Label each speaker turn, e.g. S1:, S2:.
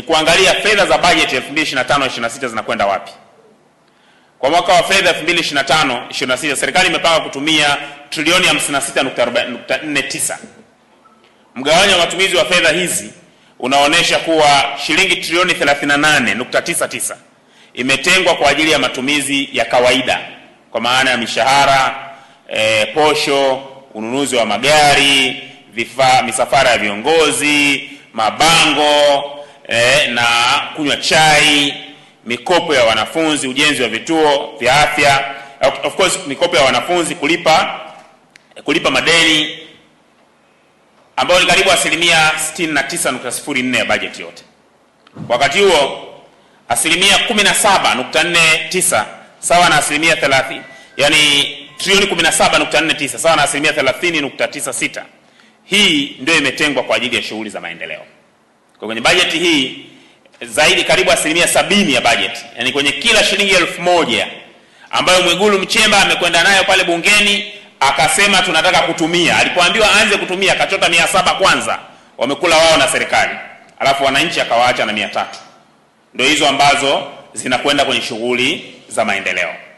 S1: ni kuangalia fedha za bajeti 2025 26 zinakwenda wapi. Kwa mwaka wa fedha 2025 26 serikali imepanga kutumia trilioni 56.49. Mgawanyo wa matumizi wa fedha hizi unaonyesha kuwa shilingi trilioni 38.99 imetengwa kwa ajili ya matumizi ya kawaida kwa maana ya mishahara, e, posho, ununuzi wa magari, vifaa, misafara ya viongozi, mabango eh, na kunywa chai, mikopo ya wanafunzi, ujenzi wa vituo vya afya, of course mikopo ya wanafunzi, kulipa kulipa madeni ambayo ni karibu asilimia 69.04 ya bajeti yote. Wakati huo asilimia 17.49 sawa na asilimia 30, yani trilioni 17.49 sawa na asilimia 30.96, hii ndio imetengwa kwa ajili ya shughuli za maendeleo. Kwa kwenye bajeti hii zaidi karibu asilimia sabini ya bajeti, yaani kwenye kila shilingi elfu moja ambayo Mwigulu Mchemba amekwenda nayo pale bungeni akasema tunataka kutumia, alipoambiwa aanze kutumia akachota mia saba kwanza, wamekula wao na serikali, alafu wananchi akawaacha na mia tatu. Ndio hizo ambazo zinakwenda kwenye shughuli za maendeleo.